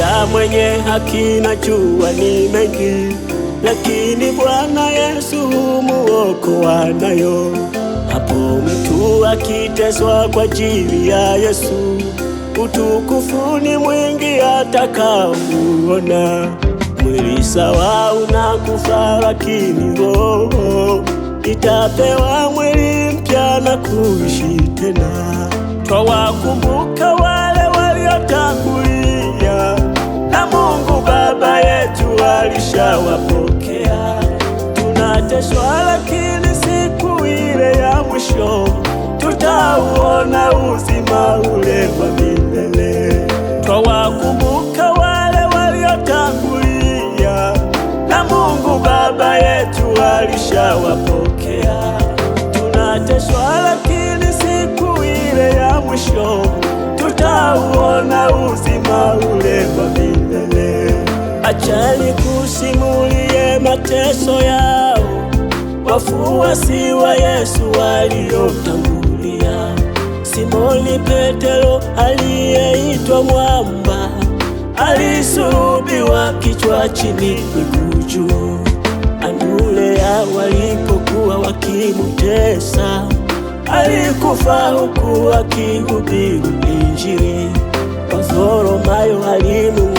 ya mwenye haki najua ni mengi, lakini Bwana Yesu humuokoa nayo. Hapo mtu akiteswa kwa ajili ya Yesu, utukufu ni mwingi atakaouona. Mwili sawa unakufa, lakini roho itapewa mwili mpya na kuishi tena. Twawakumbuka tunapokea, Tunateswa lakini siku ile ya mwisho tutauona uzima ule wa milele. Twawakumbuka wale waliotangulia, na Mungu Baba yetu alishawapokea. Tunateswa lakini siku ile ya mwisho tutauona uzima ule Acha nikusimulie mateso yao wafuasi wa Yesu waliomtangulia. Simoni Petero aliyeitwa Mwamba alisulubiwa kichwa chini, miguu juu. Andrea walipokuwa wakimutesa alikufa huku akihubiri Injili. Watholomayo alimu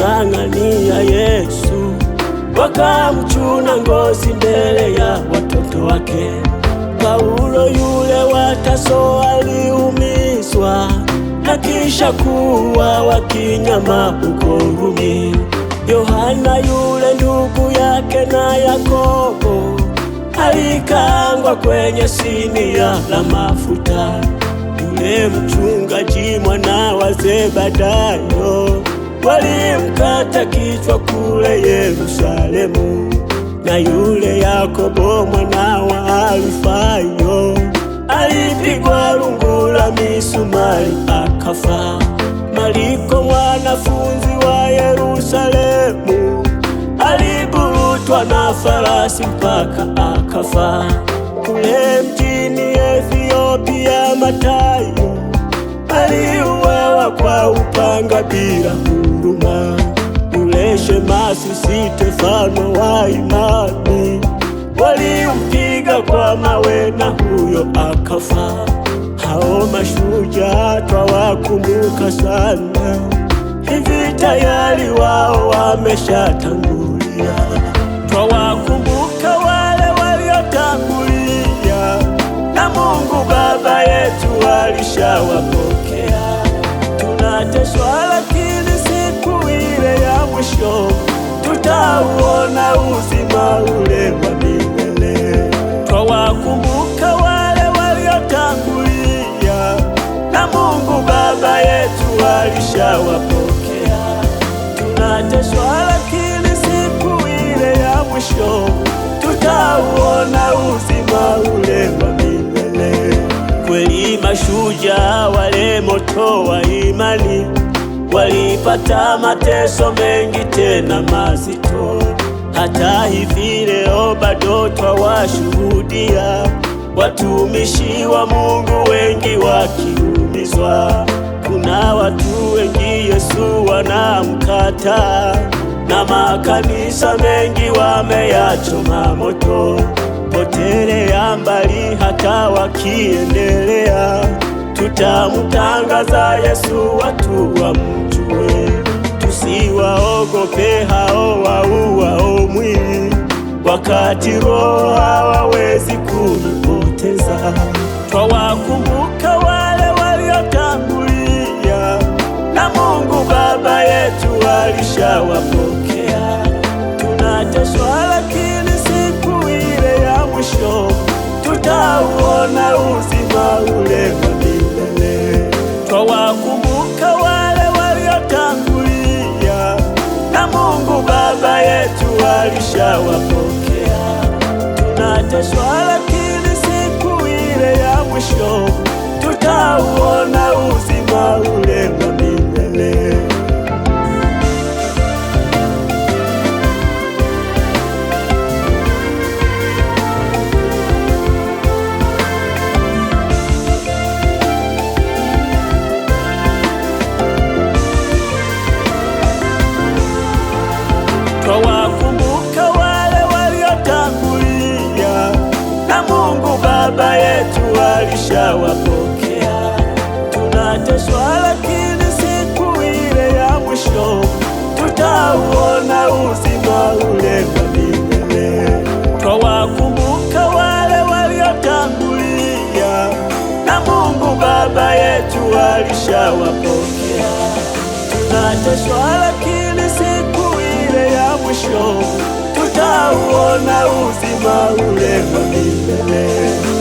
wakamchuna ngozi mbele ya watoto wake. Paulo yule wa Taso aliumizwa na kisha kuwa wakinyama huko Rumi. Yohana yule ndugu yake na Yakobo alikangwa kwenye sinia la mafuta. Yule mchungaji mwana wa Zebedayo walimkata kichwa kule Yerusalemu, na yule Yakobo mwana wa Alfayo alipigwa rungu la misumari akafa. Mariko mwanafunzi wa Yerusalemu aliburutwa na farasi mpaka akafa. Kule mjini Ethiopia Matayo aliuawa kwa upanga bila Bwana, uleshe masisite mfano wa imani. Walimpiga kwa mawe na huyo akafa. Hao mashujaa twawakumbuka sana, hivi tayari wao wameshatangulia. Twawakumbuka wale waliotangulia, na Mungu Baba yetu alishawapokea. Tunateswa mwisho, tutauona uzima ule wa milele. Twawakumbuka wale waliotangulia, na Mungu Baba yetu alishawapokea. Tunateswa lakini siku ile ya mwisho, tutauona uzima ule wa milele. Kweli mashujaa wale moto wa imani walipata mateso mengi tena mazito. Hata hivi leo bado twawashuhudia watumishi wa Mungu wengi wakiumizwa. Kuna watu wengi Yesu wanamkata, na makanisa mengi wameyachoma moto. Potelea mbali hata wakiendelea tutamtangaza Yesu, watu wamjue. Tusiwaogope hao wauao mwili, wakati roho hawawezi kuipoteza. Twawakumbuka wale waliotangulia, na Mungu Baba yetu alishawapokea. Tunateswa lakini siku ile ya mwisho tutauona uzima ule tayari shawapokea. Tunateswa lakini siku ile ya mwisho tutauona. tutawapokea. Tunateswa lakini siku ile ya mwisho tutauona uzima ule wa milele. Twawakumbuka wale waliotangulia, na Mungu Baba yetu alishawapokea. Tunateswa lakini siku ile ya mwisho tutauona uzima ule wa milele.